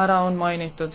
ära on mainitud